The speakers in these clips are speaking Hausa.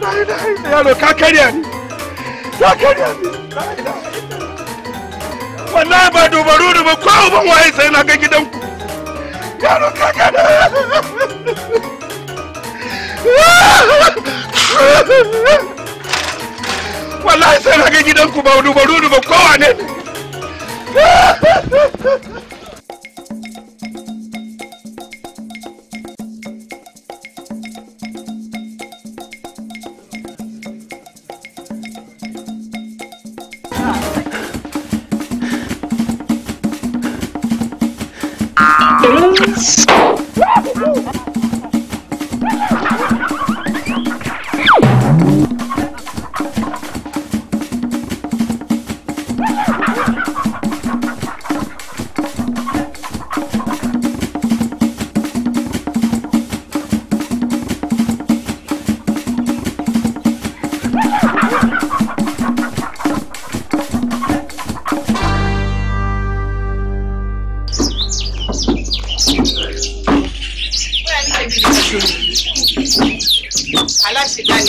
ba la ilaha illa ka karya ni ka karya ni ba dubaru da ba ko uban waye sai na ga gidanku ka karya wallahi sai na ga ba dubaru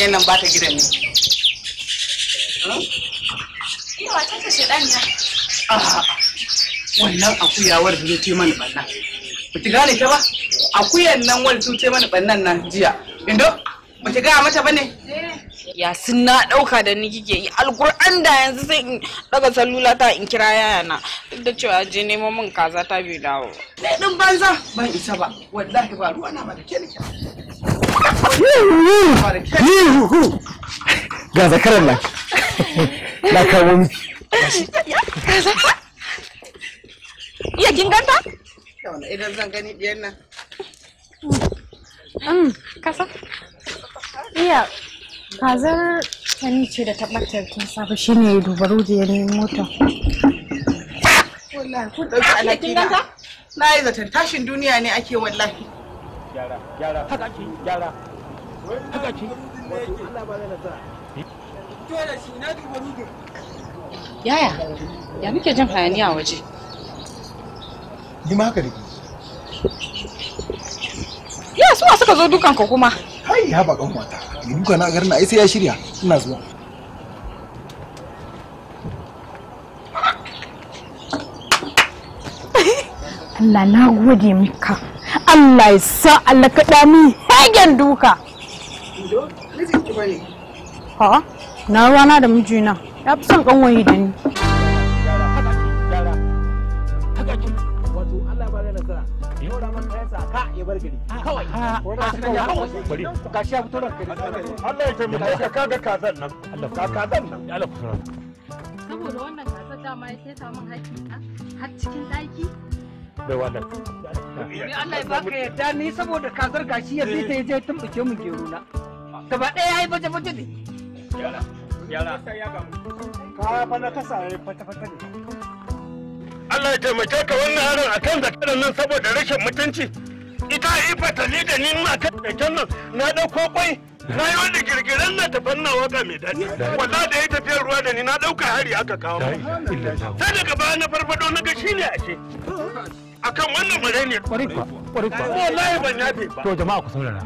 Yan nan ba ta gidan ne hmm? yawa ta ta shaɗaniya wannan akuyawar da ce mana ɓanna ba ta gane ta ba akuyan nan wani su ce mana ɓannan nan jiya indo ba ta gaya mata ba ne ya sun na ɗauka da ni kike yi alkur'an da yanzu sai in daga salula ta in kira yaya na duk da cewa je neman min kaza ta bai dawo ne din banza ban isa ba wallahi ba ruwa na ba da ke ni ga zakarar nan na kawo miki iya kin ganta idan zan gani biyan nan mm, kasa iya kazar ce da tabbatar tun safe shi ne dubaru da ya nemi mota wallahi kun na yi zaton tashin duniya ne ake wallahi gyara gyara haka ake gyara haka ce yaya ya muke jin hayaniya waje yi ma haka da ya suwa suka zo dukanka kuma hai ya bakan mata duka na garin ai sai ya shirya ina zuwa Allah na gode maka Allah ya sa Allah ka dami hagen duka ha na rana da mijina ya fi son wani da ni saboda wannan dama ya ni saboda kasar gashi ya sai ta je tumbuke mu ke runa. gaba ɗaya ya yi baje baje ne yala yala ka fa na kasa ya fata fata ne Allah ya taimake ka wannan yaron akan zakaran nan saboda rashin mutunci ita ifata ni da ni ma kan zakan nan na dauko kwai na yi wani girgiren na tafan na waka mai daɗi wala da ya tafiyar ruwa da ni na ɗauka hari aka kawo sai daga baya na farfado na ga shi ne ashe akan wannan mare ne kwarai kwa kwarai kwa ban yafe ba to jama'a ku saurara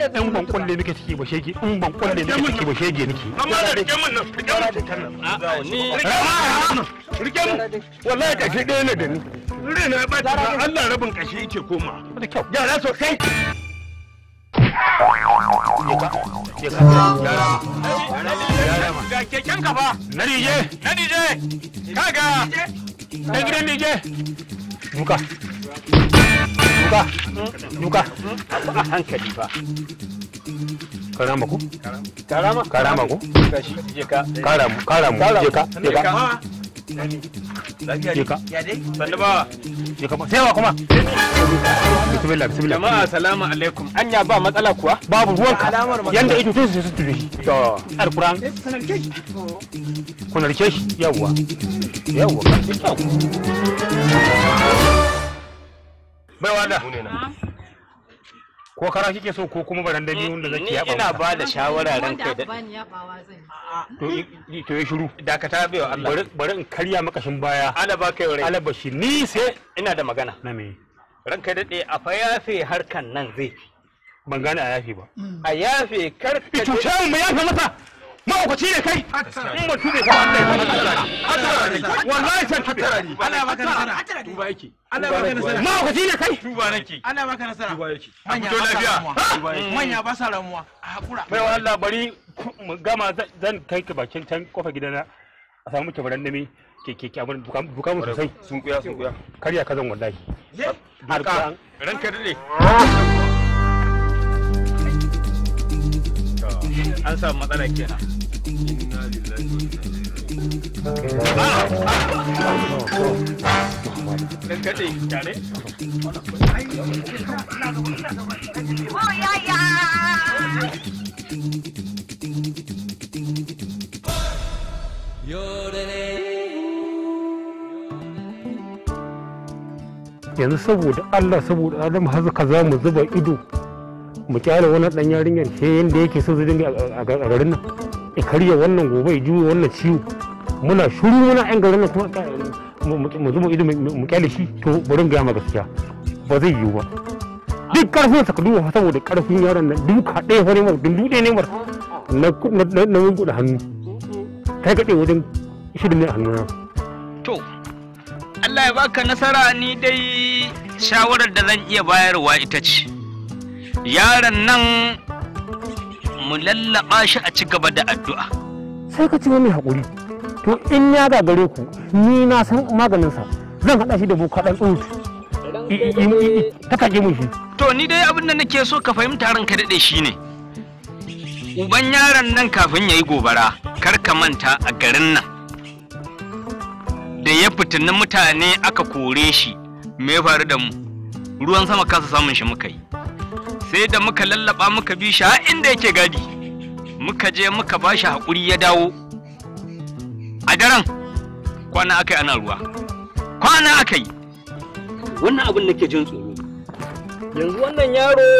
in ban kulle nake ciki ba shege in ban kulle nake ciki ba shege nake amma da rike mun nan rike mun rike mun rike mun wallahi kashi ɗaya ne da ni rina ya bata ba Allah rabin kashi yake koma da kyau yara sosai keken kafa na dije na dije gidan muka Duka duka. a hankali ba. Karama ku? Karama? Karama ku? Karamu, karamu, je ka, je ka. Je ka. ba. Je ka kuma. Bismillah, bismillah. Jama'a salamu alaikum. Anya ba matsala kuwa? Babu ruwanka. Yanda ido tun su su tube. To, eh, Kunarke shi. Yawwa. Yawwa. Yawwa. bai da ko kara kike so ko kuma baran ni wanda zaki eh, yaba ina ba da shawara ran kai da to to ya shiru dakata bai wa Allah bari in karya maka shin baya ala ba kai rai alabashi ni sai ina da magana na me ran kai dade a fa yafe harkan nan zai ban gane a yafe ba a yafe to cutar mu yafe masa mahaukaci ne kai in mutu ne kuma Allah ya kuma tsara hatara ne wallahi san hatara ne Allah ya baka nasara duba yake Allah ya baka nasara mahaukaci ne kai duba nake Allah ya baka nasara duba yake manya ba sa ramuwa manya ba sa ramuwa a hakura bai Allah bari mu gama zan kai ka bakin can kofar gidana a samu tabaran nami ke ke abin duka mu sosai sun kuya sun kuya karya ka zan wallahi harka ranka dade ah! an samu matsala kenan yanzu saboda Allah saboda Adam har ka za mu zuba ido mu kyale wani dan yarinyar ke yanda yake so zai dinga a garin nan ya karya wannan gobe ya juya wannan ciwo muna shuru muna yan garin nan kuma mu zuma ido mu kyale shi to bari ga ma gaskiya ba zai yiwu ba duk karfin sa ka saboda karfin yaron nan duka ɗaya fa ne mar dundu ɗaya ne mar na na gudu hannu kai gaɗe wajen shirin ne a to Allah ya baka nasara ni dai shawarar da zan iya bayarwa ita ce yaron nan mu lallaba shi a ci gaba da addu'a sai ka ci mai haƙuri to in ya gagare ku ni na san maganinsa zan haɗa shi da boka ɗan tsohutu takage shi to ni dai abin da nake so ka fahimta ranka daɗe shi ne uban yaron nan kafin ya yi gobara kar ka manta a garin nan da ya fitinin mutane aka kore shi me faru da mu ruwan sama kasa samun shi muka yi sai da muka lallaba muka bi shi har inda yake gadi muka je muka ba shi haƙuri ya dawo a daren kwana aka yi ana ruwa kwana aka yi wannan abin nake jin tsoro yanzu wannan yaro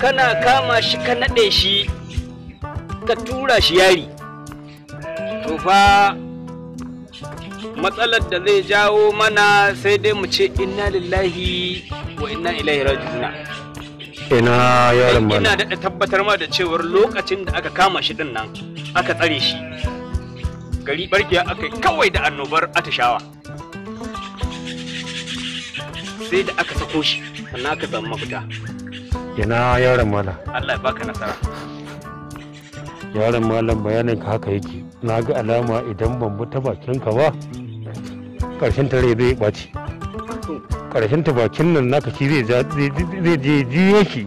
kana kama shi ka naɗe shi ka tura shi yari to fa matsalar da zai jawo mana sai dai mu ce inna lillahi wa inna ilaihi raji'una ina yaron malam ina da tabbatar ma da cewar lokacin da aka kama shi din nan aka tsare shi gari barkiya aka yi kawai da annobar atishawa sai da aka sako shi sannan aka zama mafita ina yaron malam Allah ya baka nasara yaron malam bayanin ka haka yake na ga alama idan ban bi ta bakin ka ba karshen tare zai ɓaci karshen ta bakin nan naka shi zai je jiye shi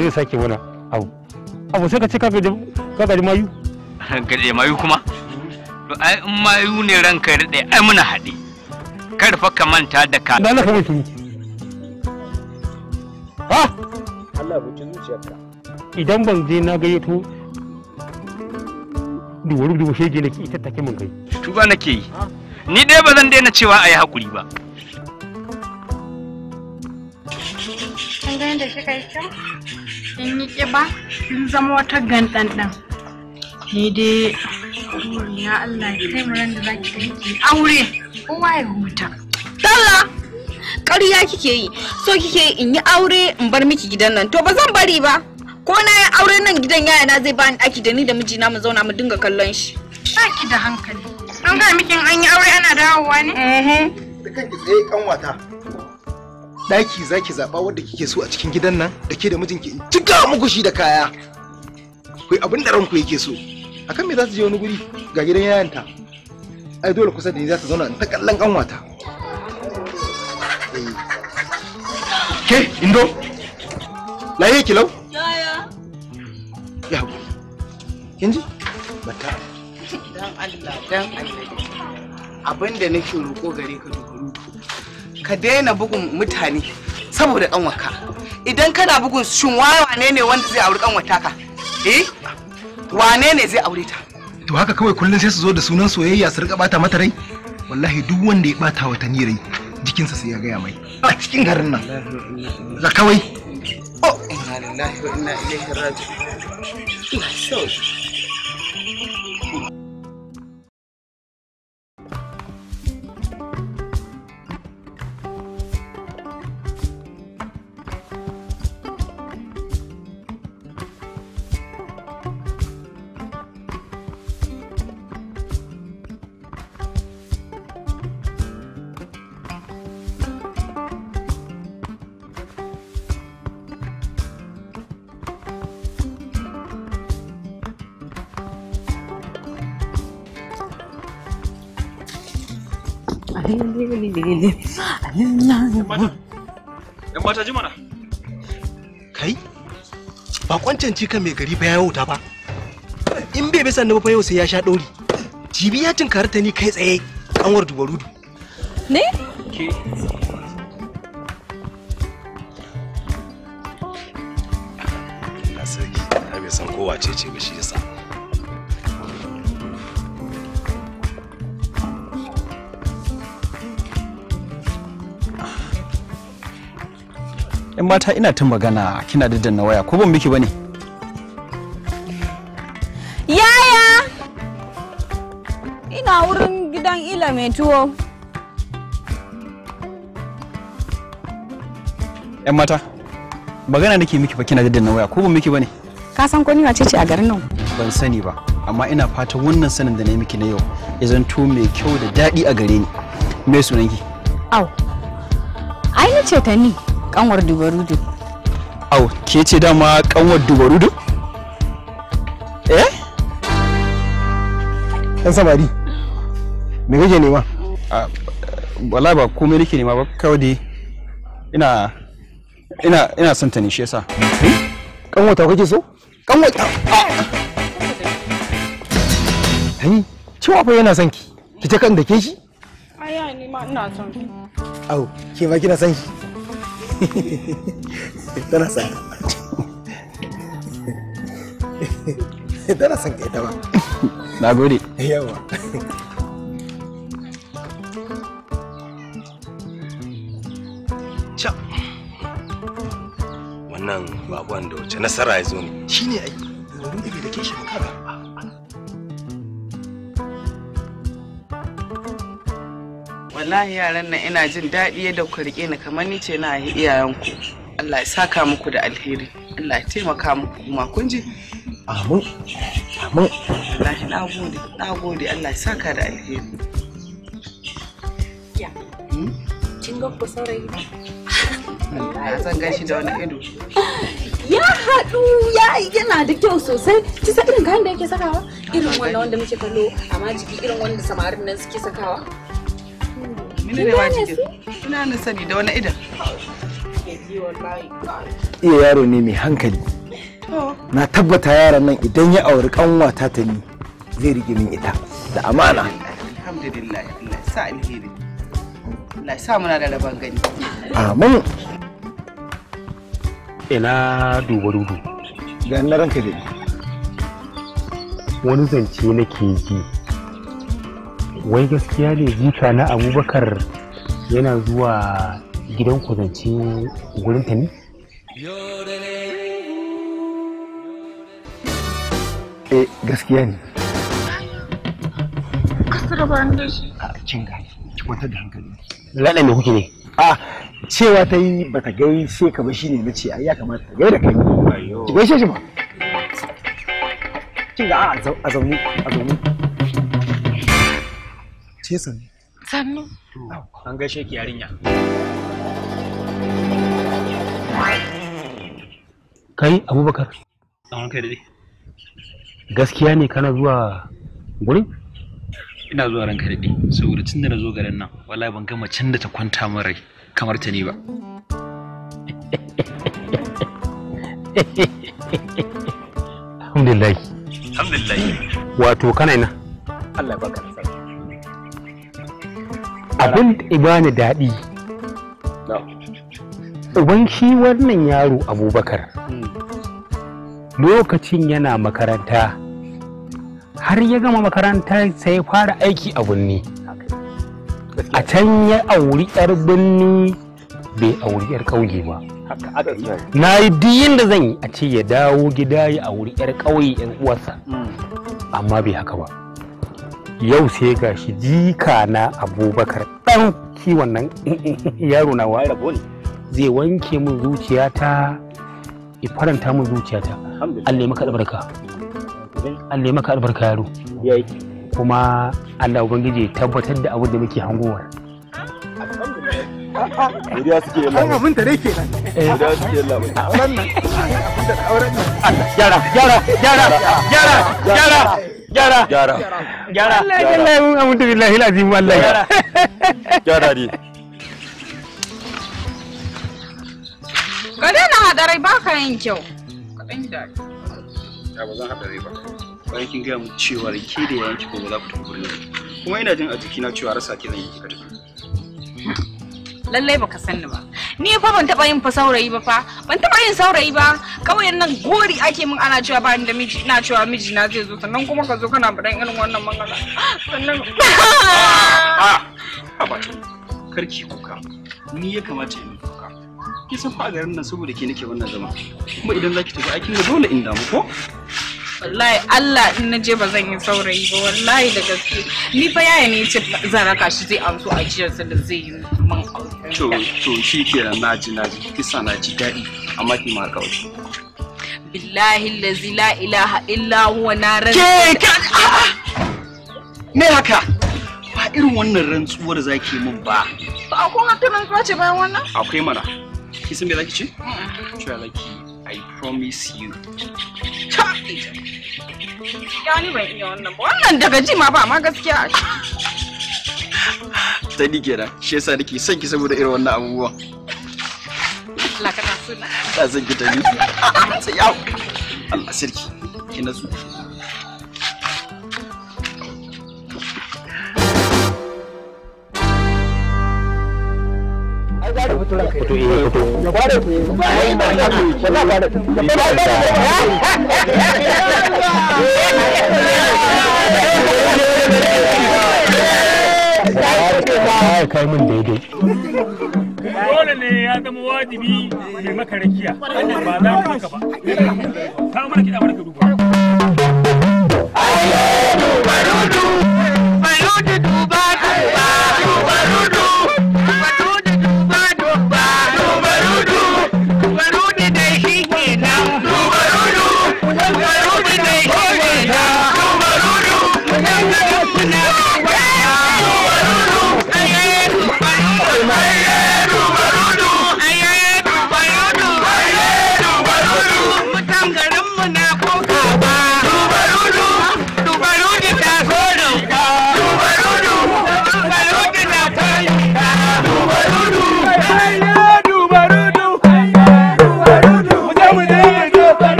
zai sake wani abu abu sai ka ce kaka ji mayu gaje mayu kuma ai in mayu ne ranka ya daɗe ai muna haɗe kar fa ka manta da ka da Allah ka mutu ha Allah buci zuciyarka idan ban je na gayyato duwaru dubu shege nake ita take mun kai tuba nake yi ni dai ba zan daina cewa ai hakuri ba kin ga yadda yi kyau kin yi kiba kin zama wata gandandan ni dai ya Allah ya kai muran da zaki kai ki aure kowa ya huta dalla ƙarya kike yi so kike yi in yi aure in bar miki gidan nan to ba zan bari ba ko na yi aure nan gidan yaya na zai bani ɗaki da ni da mijina mu zauna mu dinga kallon shi ki da hankali an ga miki an yi aure ana dawowa ne eh da kanki tsaye kanwata ɗaki za ki zaɓa wadda kike so a cikin gidan nan da ke da mijinki in cika muku shi da kaya kai abin da ranku yake so akan me za su je wani guri ga gidan yayanta ai dole kusa da ni za ta zauna ta kallon kanwata ke indo laye ki lau ya hagu kin ji bata dan Allah dan Allah abin da nake roko gare ka duk ka daina bugun mutane saboda kanwarka idan kana bugun shin wane ne wanda zai auri ƙanwata, ka eh wane ne zai aure ta to haka kawai kullum sai su zo da sunan soyayya su rika bata mata rai wallahi duk wanda ya bata wa ni rai jikinsa sai ya gaya mai a cikin garin nan za kawai oh inna lillahi wa inna ilaihi raji'un Yan mata ji mana. Kai, ba kwancan mai gari ba ya wuta ba. In bai bisa nufa yau sai ya sha ɗori. Jibi ya tunkari ta ni kai tsaye kanwar dubarudu. Ne? Ke. Na sarki, na bai san kowace ce ba shi ya 'yan mata ina ta magana kina da danna waya ko ban miki bane yaya ina wurin gidan ila mai tuwo 'yan mata magana nake miki ba kina da danna waya ko ban miki bane ka san ko ni wace ce a garin nan ban sani ba amma ina fatan wannan sanin da na miki na yau ya zanto mai kyau da daɗi a gare ni me sunanki au ai ni ce ta ni kanwar dubarudu au ke ce dama kanwar dubarudu eh yan samari me kake nema wala ba komai nake nema ba kawai dai ina ina ina son ta ne shi yasa kanwata kake so kanwata ah! ai cewa fa yana son ki ki ta kan da ke shi aya ni ma ina son ki au ke ba kina son shi tana san tana san ka ita ba na gode yawa wannan bakon da wace nasara ya zo ne shine ai domin da ke shi kishi wallahi yaran nan ina jin daɗi yadda ku rike ni kamar ni ce na iyayenku Allah ya saka muku da alheri Allah ya taimaka muku kuma kun ji amin amin wallahi na gode na gode Allah ya saka da alheri ya hmm? kin ga ku saurayi na zan gashi da wani ido ya haɗu ya yana da kyau sosai ci sa irin kayan da yake sakawa irin wannan wanda muke kallo a majiki irin wanda samarin nan suke sakawa Ni da Iya yaro ne mai hankali. Na tabbata yaron nan idan ya auri kanwata ta ni zai rike min ita da amana. Alhamdulillah sa muna da gani. Amin. Ina duba dudu. Ga na ranka da Wani zance nake yi wai gaskiya ne jika na abubakar yana zuwa gidan kudanci gurin ta ne? eh gaskiya ne cin ah, gani kwantar da hankali lada mai kuke ne a ah, cewa ta yi ba ta sai ka ba ne na ce ai ya kamata gai da kai ki gaishe shi ba cin ga ah, a zaune a zaune ce sannu abubakar gaskiya ne kana zuwa gurin ina zuwa saboda da na zo garin nan wallahi ban gama can ta kwanta min kamar ta ne ba alhamdulillah alhamdulillah wato kana ina Allah baka abin ibani daɗi uban shi wannan yaro abubakar hmm. lokacin yana makaranta har ya gama makaranta sai fara aiki a birni a can ya auri 'yar birni bai auri 'yar ƙauye ba na yi diyin da zan yi a ce ya dawo gida ya auri 'yar ƙauye 'yan uwarsa hmm. amma bai haka ba yau sai ga shi jika na abubakar ɗan kiwon nan yaro na wa ne zai wanke min zuciyata ya faranta min zuciyata allah maka albarka allah maka albarka yaro kuma allah ubangiji ya tabbatar da abin da muke hangowar Godiya suke yi labai. Abin da dai ke nan. Eh. suke yi Auren nan. Gyara, gyara, gyara, gyara, gyara. gyara gyara gyara mun billahi wallahi di ba ka yin kyau da ya ba zan ba kin mu cewa da ko ba za ku tafi kuma ina jin a jikina cewa rasa ki zan yi tafi lallai baka sani ba ni fa ban taba yin fa saurayi ba fa ban taba yin saurayi ba kawai nan gori ake min ana cewa ba da miji ina cewa miji na zai zo sannan kuma ka zo kana bada irin wannan magana sannan a ah! ba karki kuka ni ya kamata in kuka ki san fa garin nan saboda ke nake wannan zama kuma idan zaki tafi aikin da dole in damu ko wallahi Allah in na je ba zan yi saurayi ba wallahi da gaske ni fa yaya ne ce zan raka shi zai amso jiyar sa da zai yi mun to to shi kenan naji naji kisa na ji daɗi amma ki ma kawai billahi lazi la ilaha illa huwa na rantsuwa ke me haka ba irin wannan rantsuwar zaki min ba ba ko wata rantsuwa ce bayan wannan akwai mana ki san me ki ce to ya laki i promise you ya ni ban iya wannan ba wannan daga ji ma ba ma gaskiya ta ni kenan shi yasa nake son ki saboda irin wannan abubuwa Allah kana suna ta san ki ta ni ah, ah, ta yau Allah sarki ki nazo eh, Yeah. ya kai min daidai dole ne ya zama wajibi mai maka rakiya ba za mu ba ta mana kiɗa mana ka duba Ayyadu barudu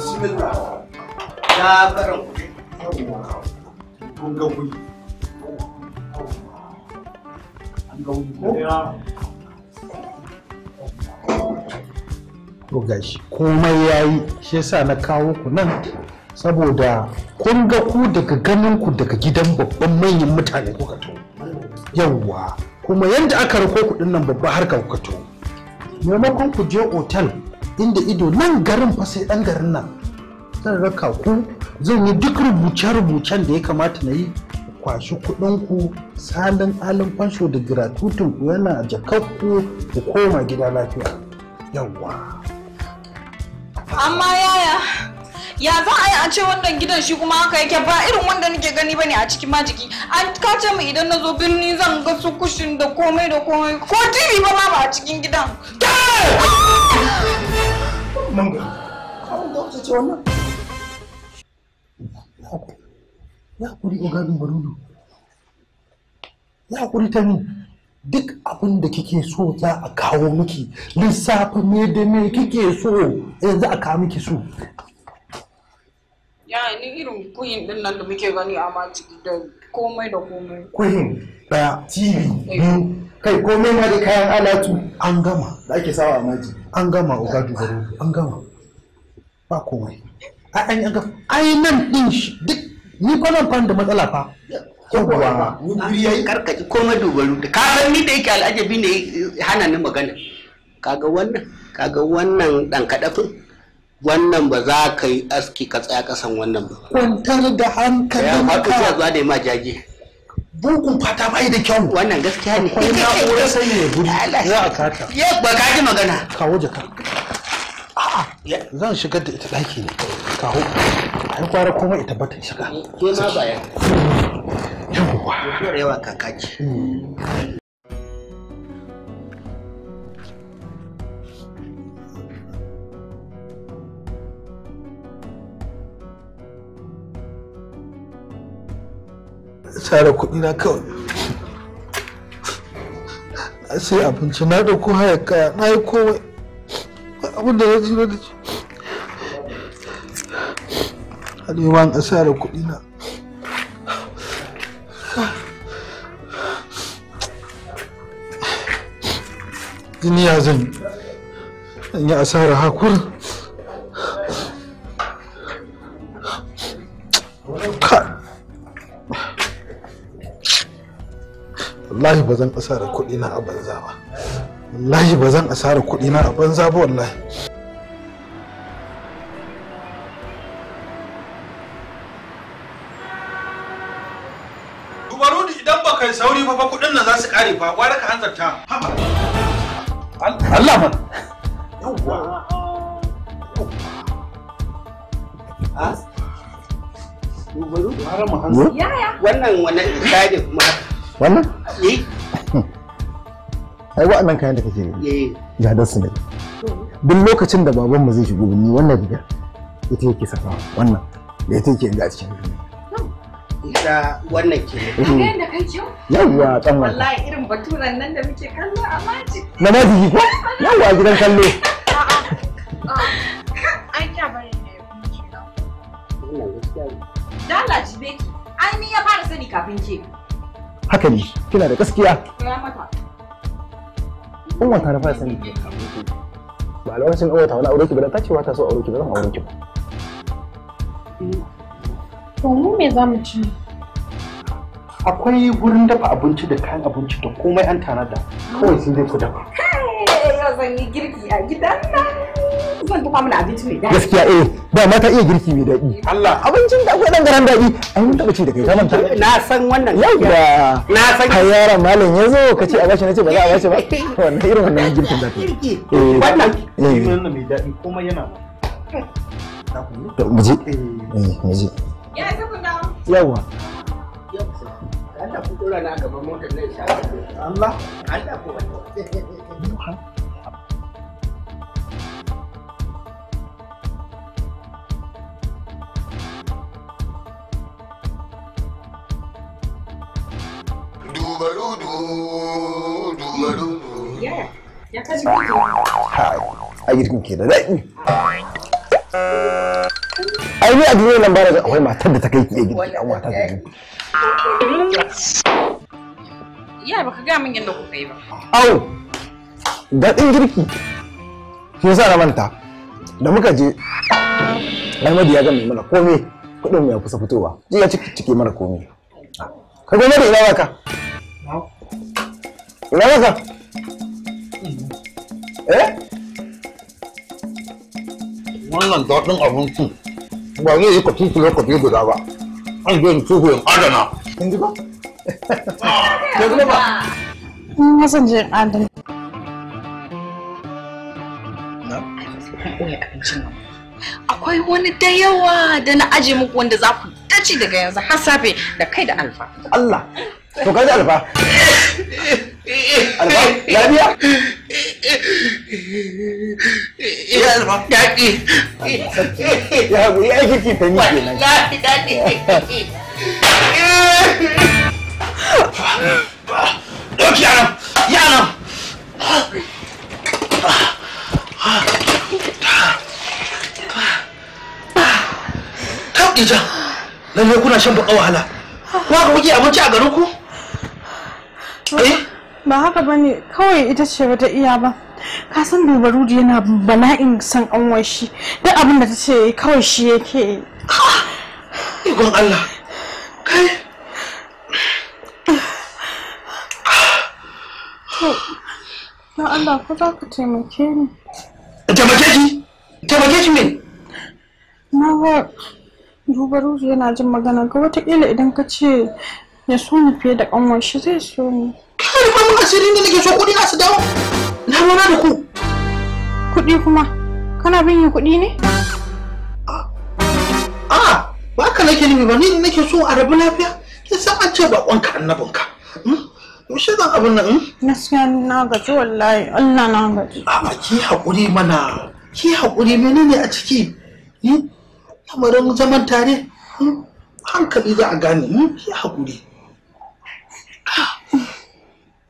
bismillah gashi komai yayi shi yasa na kawo ku nan saboda kun ga ku daga ganin ku daga gidan babban manyan mutane kuka to yawwa kuma yadda aka rako kuɗin nan babba harka kuka to maimakon ku je otal inda ido nan garin fa sai dan garin nan zan raka ku zan yi duk rubuce-rubucen da ya kamata na yi kwashi ku salin alin fansho da giratutun ku yana jakakku ku koma gida lafiya yawwa amma yaya ya za a yi a ce wannan gidan shi kuma haka yake ba irin wanda nake gani bane a cikin majiki an kace mu idan na zo birni zan ga su kushin da komai da komai ko tv ba ma ba a cikin gidan nan gari kawai da ce wannan ya hakuri ya ta ni duk abin da kike so za a kawo miki lissafi ne da me kike so yanzu a kawo miki so ya ni irin kuyin din nan da muke gani a maciki da komai da komai kuyin da tv biyu kai komai ma da kayan alatu an gama da ake sawa a maji an gama oga dubaro an gama ba komai a an yanka ai nan din shi duk ni fa nan fan da matsala fa yawwa wuri yayi karkaci komai dubaro da ka san ni da yake al'ajabi ne eh, hana ni magana kaga wannan kaga wannan dan kadafin wannan ba za ka yi aski ka tsaya kasan wannan ba kwantar da hankalin ka ya zuwa da ma jaje Bukun fata bai da kyau wannan gaskiya ne akwai sai ne guri za a kata ya ba ka ji magana kawo jaka a'a zan shigar da ita ɗaki ne kawo ai kwara kuma ita ba ta shiga ke ma baya yawa yawa kakaki tara kuɗi na kawai na sai abinci na ɗauko haya kaya na yi komai abin da ya jira da ci a neman asarar kuɗi na ya zan yi hakuri cut wallahi ba zan asara kuɗi na a banza ba wallahi ba zan asara kuɗi na a banza ba wallahi idan ba kai sauri fa kuɗin nan za su ƙare fa gwara ka hanzarta Allah yawwa ah. wannan haka wannan eh ai nan kayan da kake gani eh. Ya su ne duk lokacin da baban mu zai shigo ni wannan gida. ita yake safa. wannan da ita yake inda a cikin rigar ita wannan ke da kai kyau yawwa kan wannan wallahi irin baturan nan da muke kallo a maji na maji ko yawwa gidan kallo ai kya bari ne dala jibe beki ai ni ya fara sani kafin ke haka ne kina da gaskiya umma ta rafa sani ba lokacin umma ta wani aure ki ba ta ce ba ta so aure ki ba zan aure ki ba to mu me zamu ci akwai gurin dafa abinci da kayan abinci da komai an da kawai sun dai ku dafa yau zan yi girki a gidan nan zan dafa mana abinci mai daɗi gaskiya eh ba ma ta iya girki mai daɗi Allah abincin da akwai dan garan daɗi ai mun taba ce da kai ka manta na san wannan yawa na san kai yara malam yazo ka ce a bashi ce ba za a bashi ba wannan irin wannan girkin da ta eh. wannan wannan eh. mai daɗi komai yana mu Muji. Eh. mu je ya da. yawa Allah ku dora na gaba motar nan sha Allah Allah ku a girkin ke da daɗi ai ni a duniya nan ba da akwai matar da ta kai ki girki an wata da ya baka ga min yadda kuka yi ba au daɗin girki shi yasa na manta da muka je Ahmadu ya gami mana komai kuɗin mu ya kusa fitowa ji ya cike mana komai ka gane da ina baka Ina maka? Eh? Wannan daɗin abincin ba zai yi kwafi kilo guda ba. An zai yi tuhu in adana. Kin ji ba? Ke zuba ba? Na san je in adana. Akwai wani da yawa da na aje muku wanda za ku dace daga yanzu har safe da kai da alfa. Allah! To kai da alfa. alba lafiya ya alba daɗi ya hagu ya aiki ki fahimi Ya, nan ya daɗi Ya, Ya yaran Khadija, lalle kuna shan baka ku Wa ga kuke abinci a garin ku? Eh? ba haka ba ne kawai ita ce wata iya ba ka san baru da yana bala'in san an shi duk abin da ta ce kawai shi yake yi ikon allah kai na allah ko za ka taimake ni taimake ki taimake ki ne? na ga duba yana jin magana ga watakila idan ka ce ya so ni fiye da kanwar shi zai so ni kai rufe mun asirin da nake so kuɗi na su dawo na rona da ku kuɗi kuma kana bin yin kuɗi ne a ba ka nake nufi ba ni nake so a rabu lafiya kin san an ce bakon ka annabin ka hmm? yaushe zan abin nan hmm? gaskiya na gaji wallahi Allah na gaji a ki hakuri mana ki haƙuri menene a ciki hmm? lamarin zaman tare hankali za a gane ki haƙuri Ah.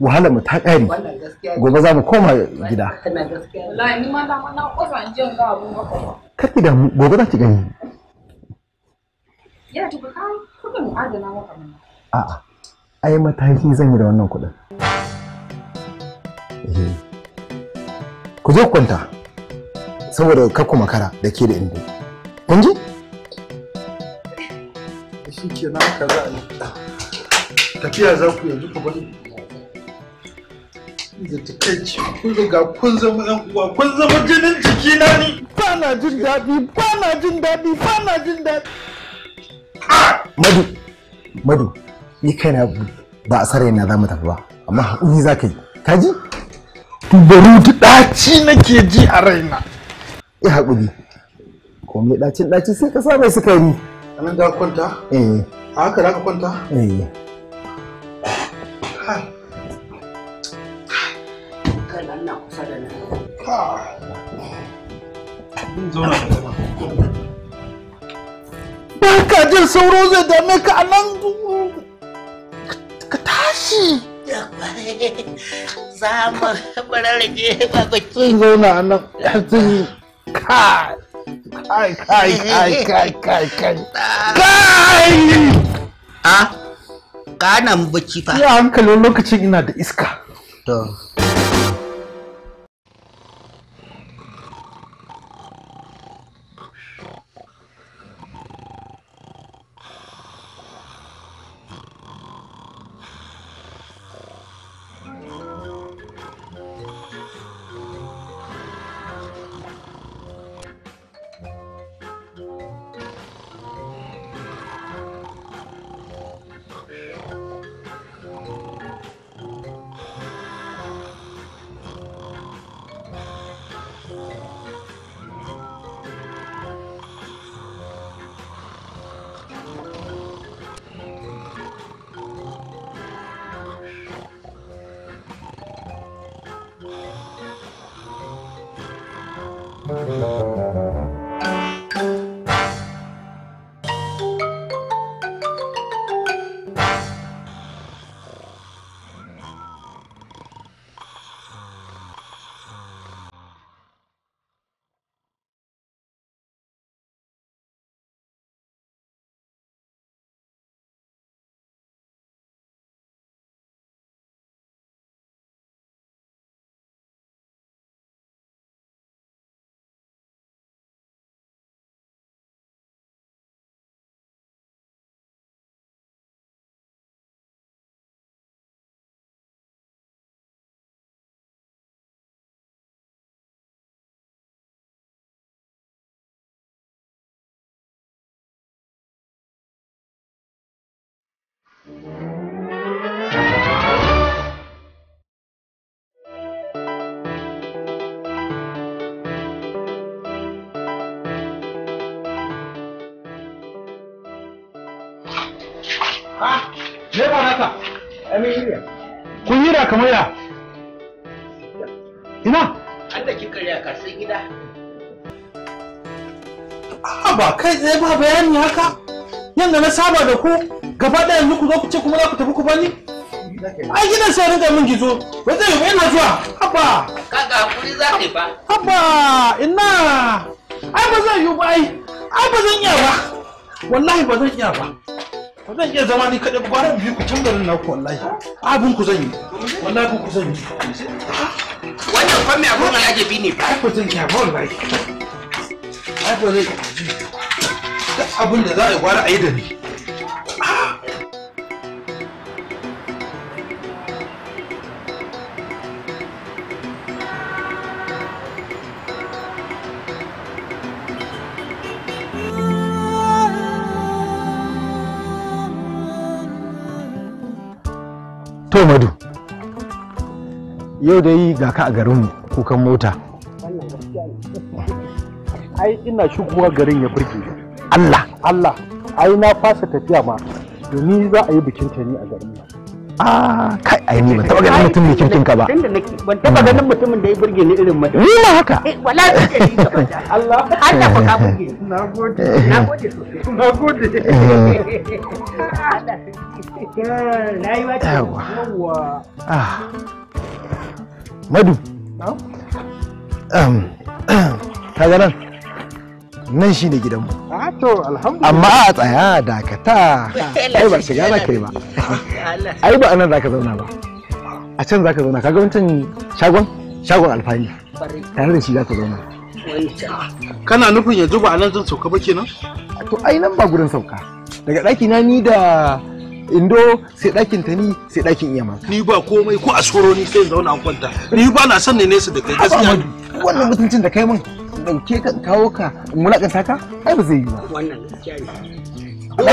wahala mu ta kare gobe za mu koma gida kar ki damu gobe za ki gani a'a ai matashi zan yi da wannan kuɗin eh. ku zo kwanta saboda kakku makara da ke da inda kun ji? shi ke na ka za a tafiya za ku yanzu ku bari da takaici kun riga kun zama yan uwa kun zama jinin jiki na ni ba na jin daɗi ba na jin daɗi ba na jin daɗi madu madu ni kaina ba a sarai na za mu tafi ba amma haƙuri za ka yi kaji tubaru ta ɗaci nake ji a raina ya haƙuri ko mai ɗacin ɗaci sai ka sa suka yi. a nan da kwanta eh a haka da ka kwanta eh ba jin sauro zai dame ka a nan ka tashi za mu rarrage bakwacin zauna a nan yanzu kai kai kai kai kai kai kai kai kai kai kai kai hankali lokacin ina da iska kun yi da kamar ya ina an da kika ya sai gida a ba kai tsaye ba bayani haka yanda na saba da ku gaba ɗaya yanzu ku zo ku ce kuma za ku tafi ku bani ai gidan sai rinka min gizo ba zai yi ba zuwa haba kaga hakuri za ka yi ba haba ina ai ba zai yi ba ai ai ba zan iya ba wallahi ba zan iya ba ba zan iya zama ni kaɗai gwanan biyu ku can garin naku wallahi abin ku zan yi wallahi abin ku zan yi wannan fa me abun alaje bi ne ba ku zan yi abun wallahi ai ba zai abin da za a yi gwara a yi da ni yau da dai ga ka a garinmu kukan mota ai ina shigowa garin ya burge Allah Allah ai na fasa tafiya ma domin za a yi bikin ta a garin Ah, kai ai ni ganin mutum mai kirkin ka ba. Tunda nake ban taba ganin mutumin da ya burge ni irin mata Ni ma haka. Eh wallahi Madu. ga nan shi ne gidanmu amma a tsaya dakata ai ba shiga za ka yi ba ai ba anan za ka zauna ba a can za ka zauna kaga wancan shagon shagon alfani tare da shi za ka zauna kana nufin yanzu ba anan zan sauka ba kenan to ai nan ba gurin sauka daga ɗaki na ni da indo sai ɗakin ta ni sai ɗakin iya Ni ba komai ko a tsoro ni sai zauna an kwanta. Ni ba na son ne nesa da kai gaskiya. Wannan mutuncin da kai mun dauke ka kawo ka mulakanta ka ai ba zai yi ba wannan gaskiya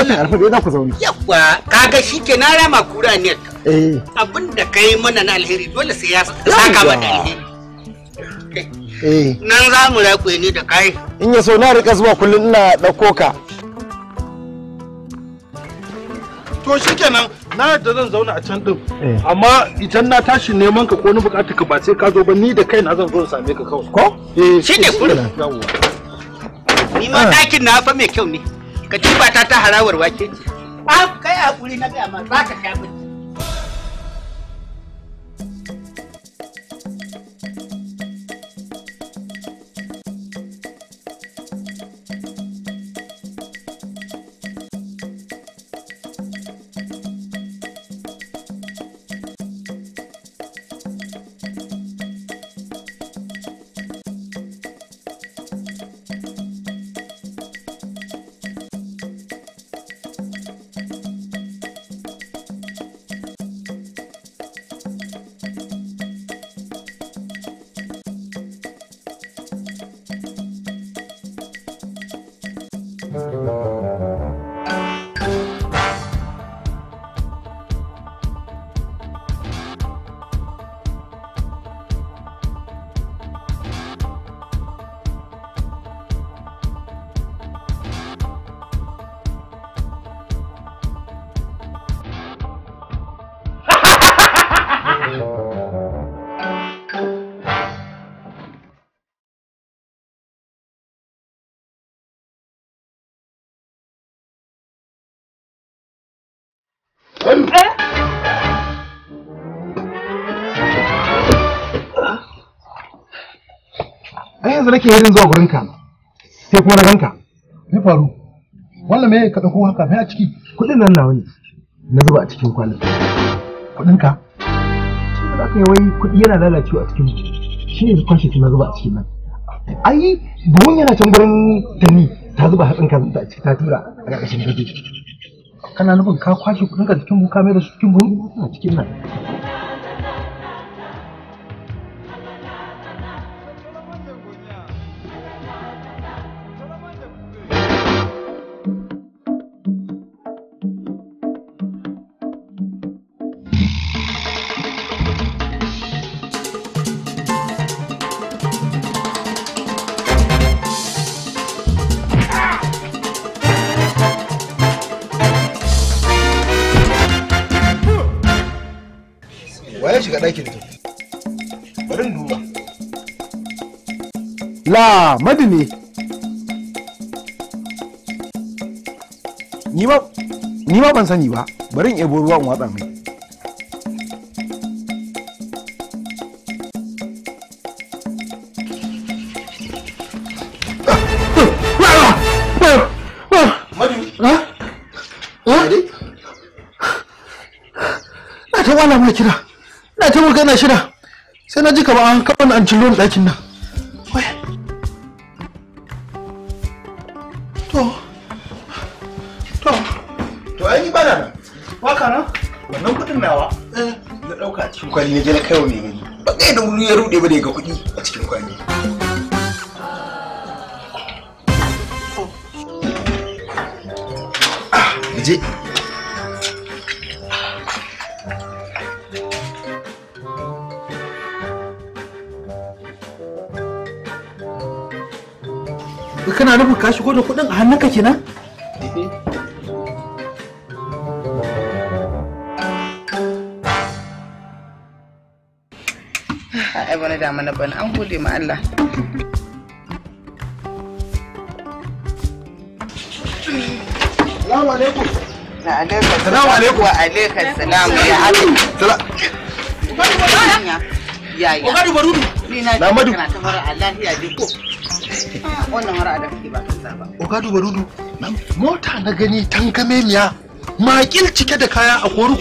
ne za ku zauna yawa kaga shi ke na rama kura ne eh. abin da kai mana na alheri dole sai ya saka da alheri eh. nan za mu rakwe ne da kai in ya so na rika zuwa kullum ina dauko ka to shikenan na yadda zan zauna a can din eh. amma idan na tashi neman ka ko ni bukatar ka ba sai ka zo ba ni da kaina zan zo in same ka kawai ko eh, shi ne kuri ni ma ah. ɗakin na fa mai kyau ne ka ta ta harawar wake ce ah, kai hakuri na gaya ma ba ka shafi yanzu nake irin zuwa gurin ka sai kuma na ganka me faru wannan me ka dauko haka me a ciki kudin nan nawa ne na zuba a cikin kwalin kudin ka da kai yi wai kudi yana lalacewa a cikin shi ne kwashe na zuba a cikin nan ai buhun yana can gurin tani ta zuba hatsin kan da ciki ta tura a ƙarƙashin gado kana nufin ka kwashe kudin ka cikin buka mai da cikin buhun cikin nan Ahmadu ne. Ni ma ban sani ba, bari in ebo ruwa in watsa mai. Na ta wala mai kira, na ta na shida, sai na ji kama an kawo na an cilo ɗakin nan. kwali ne je na kai wa mai ba kai da wuri ya rude ba da ga kuɗi a cikin kwali ah, je kana nufin ka shigo da kuɗin a hannunka kenan gwada mana an gode ma Allah Salamu alaikum. Salamu alaikum. alaikum Ya ya. Ogadu Ni na ji kana ta mara Allah ya ko. Wannan ba ba. Ogadu Mota na gani tankamemiya. Makil cike da kaya a kori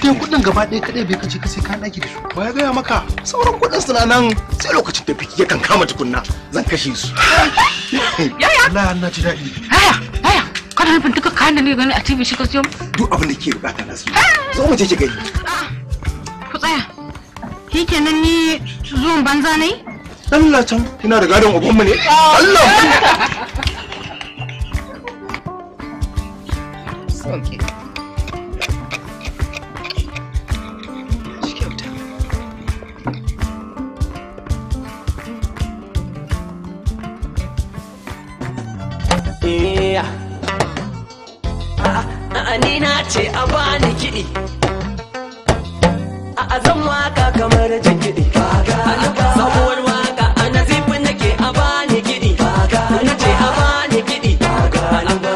kai kudin gaba ɗaya kadai bai kace sai ka ɗaki da su ba ya gaya maka sauran kudin suna nan sai lokacin da biki yakan kama tukunna zan kashe su yaya Allah na ji daɗi haya haya kana nufin duka kayan da ne gani a TV shi ka siyo duk abin da ke bukata na su zo mu je ki gani ah, ku tsaya shi kenan ni zuwan banza ne Allah can kina da gadon ubanmu ne Allah a na ce a bani kiɗi a azan waka kamar ba. kiɗi sabuwar waka a nazifin nake a bani kiɗi na ce a bani kiɗi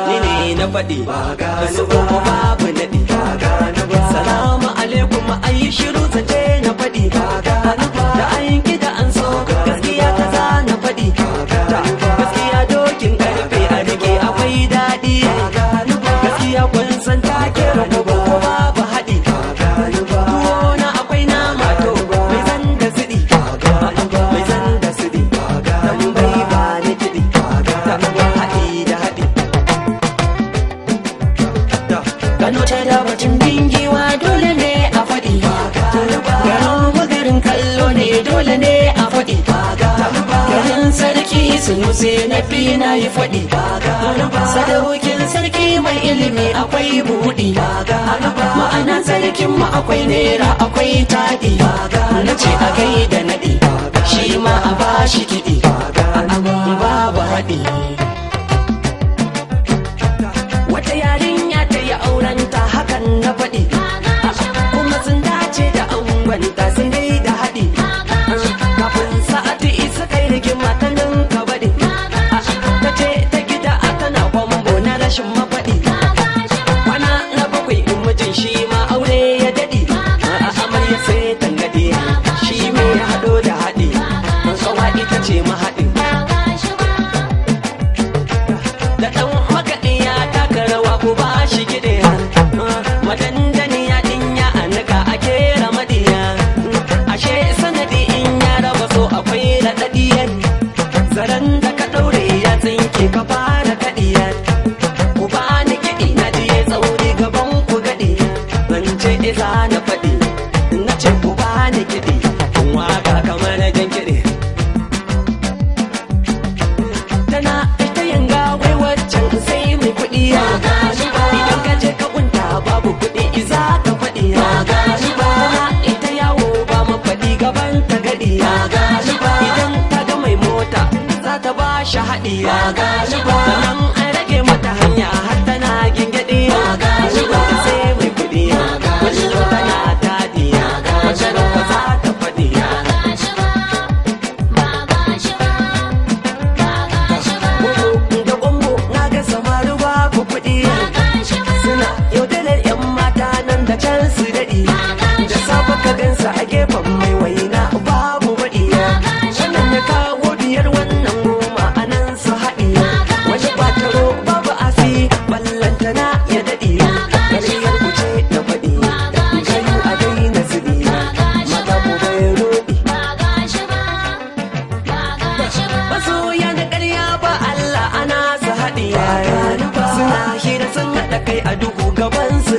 ni ne na faɗi babu naɗi salamu alaikum ayi shiru zance na faɗi sunusi na fi na yi faɗi sadaukin sarki mai ilimi akwai buɗi ma'ana sarkin mu akwai naira akwai taɗi na ce a kai da naɗi shi ma a bashi kiɗi babu haɗi faɗi Gaga. kai a duhu gaban su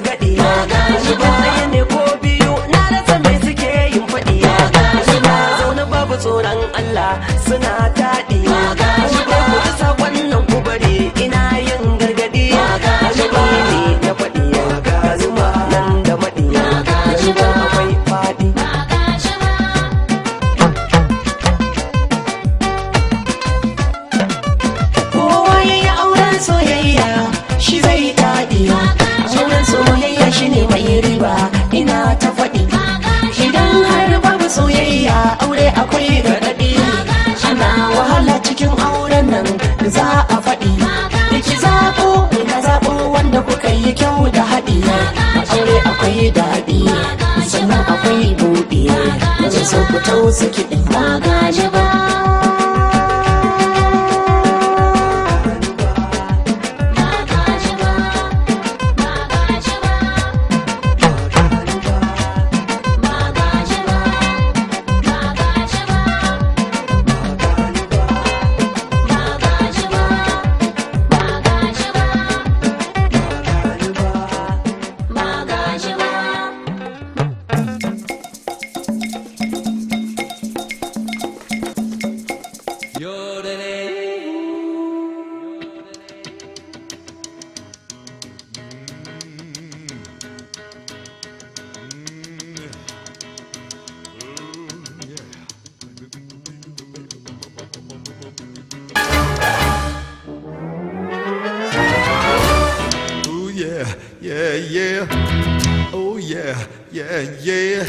yeah.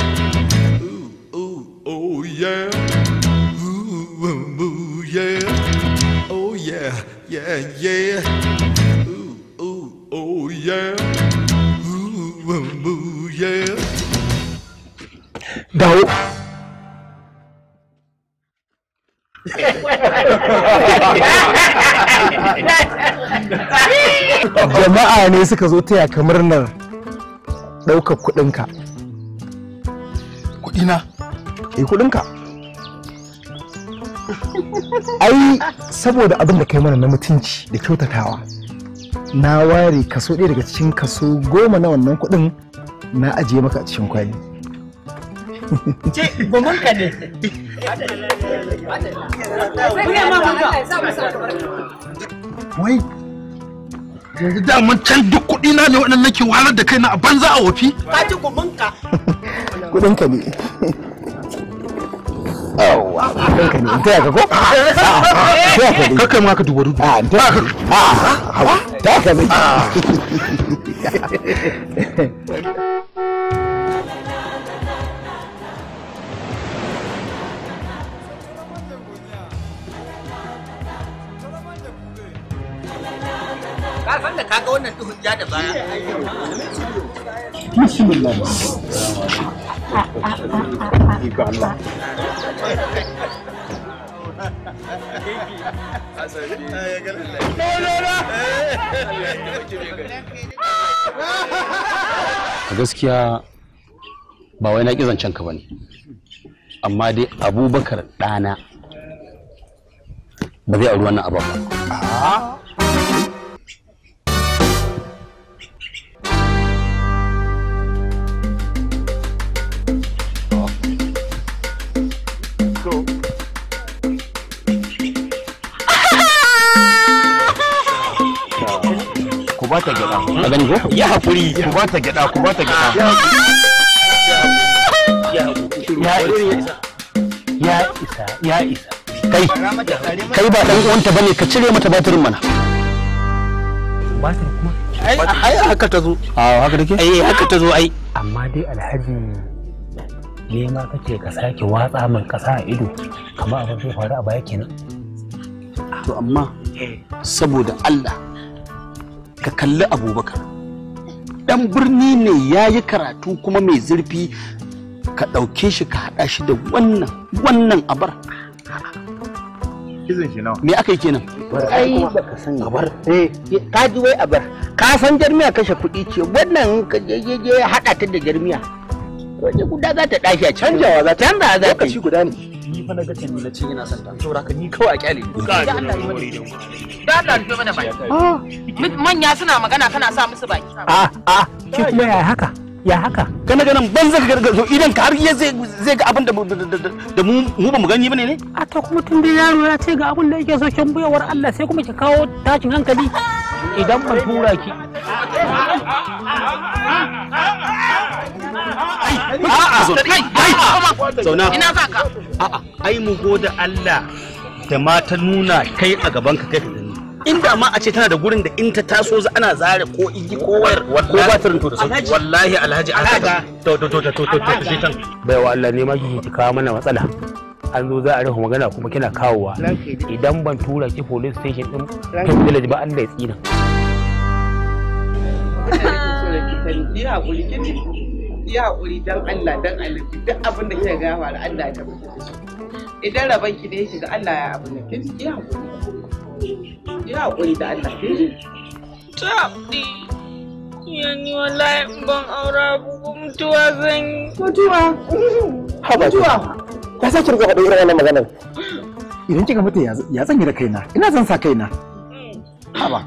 Ooh, ooh, oh yeah. Ooh, ooh, ooh yeah. Oh yeah, yeah, yeah. Ooh, ooh, oh yeah. Ooh, ooh, ooh yeah. Jama'a ne suka zo taya kamar nan ɗaukar kuɗinka. na eh kudinka ai saboda abin da kai mana na mutunci da kyautatawa na ware kaso ɗaya daga cikin kaso goma na wannan kuɗin na ajiye maka a cikin kwali ce gomin ne wai yanzu daman can duk kuɗi na ne waɗannan nake da kaina a banza a wafi ne yawwa ko duba duba ka a ta wannan da baya. Bismillah. Ah, ah, ah, a gaskiya ba wai na zancen ka bane amma dai abubakar ɗana ba zai auri wannan abin ba ba ta gyada a gani ko ya hakuri ku ba ta gyada ku ba ta gyada ya isa ya isa ya isa kai kai ba dan uwanta bane ka cire mata batirin mana batir kuma ai haka ta zo a haka take ai haka ta zo ai amma dai alhaji nema kake ka sake watsa min kasa a ido kamar abin zai faru a baya kenan to amma saboda Allah ka kalli abubakar dan birni ne ya yi karatu kuma mai zurfi ka ɗauke shi ka haɗa shi da wannan wannan abar me aka yi kenan ai baka san abar eh ka ji wai abar ka san jarmiya kashe kuɗi ce wannan ya haɗa ta da jarmiya waje guda za ta ɗashi a canjawa za ta canza za ta yi lokaci guda ne ni fa na ga ni na ce saboda ni kawai a da Allah mana da Allah mana manya suna magana kana musu baki a a ki kuma yaya haka ya haka kana ganin ban zaka gargazo idan ka har zai zai ga abin da da mu mu ba mu gani bane ne a to kuma tun da yaro ya ce ga abin da yake so kin buyawar Allah sai kuma ki kawo tashin hankali idan ban tura ki a'a zauna ina za ka a'a ai mu goda Allah da ma ta nuna kai a gaban ka kai inda ma a ce tana da gurin da in ta taso ana zare ko igi ko wayar ko batirin to da sauki wallahi alhaji an saka to to to to to to to bai wa Allah ne ma ki kawo mana matsala an zo za a rufe magana kuma kina kawowa idan ban tura ki police station din to village ba Allah ya tsira. ni hakuri kin yi haƙuri don Allah don Allah duk abin da kika gaya da Allah ya tabbata da shi idan raban ki ne ya ga Allah ya abu na kin yi haƙuri yi haƙuri da Allah kin ji tabdi yani wallahi ban aura ku mutuwa zan yi mutuwa haba mutuwa ka sa kirga faɗin irin wannan maganar idan kika mutu ya zan yi da kaina ina zan sa kaina mm. haba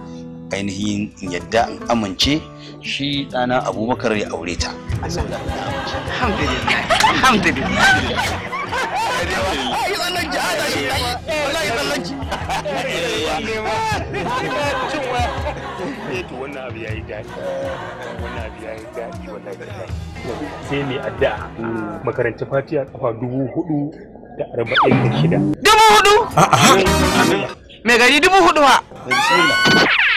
ainihin yadda in amince shi ɗana abubakar ya aure ta wannan abu wannan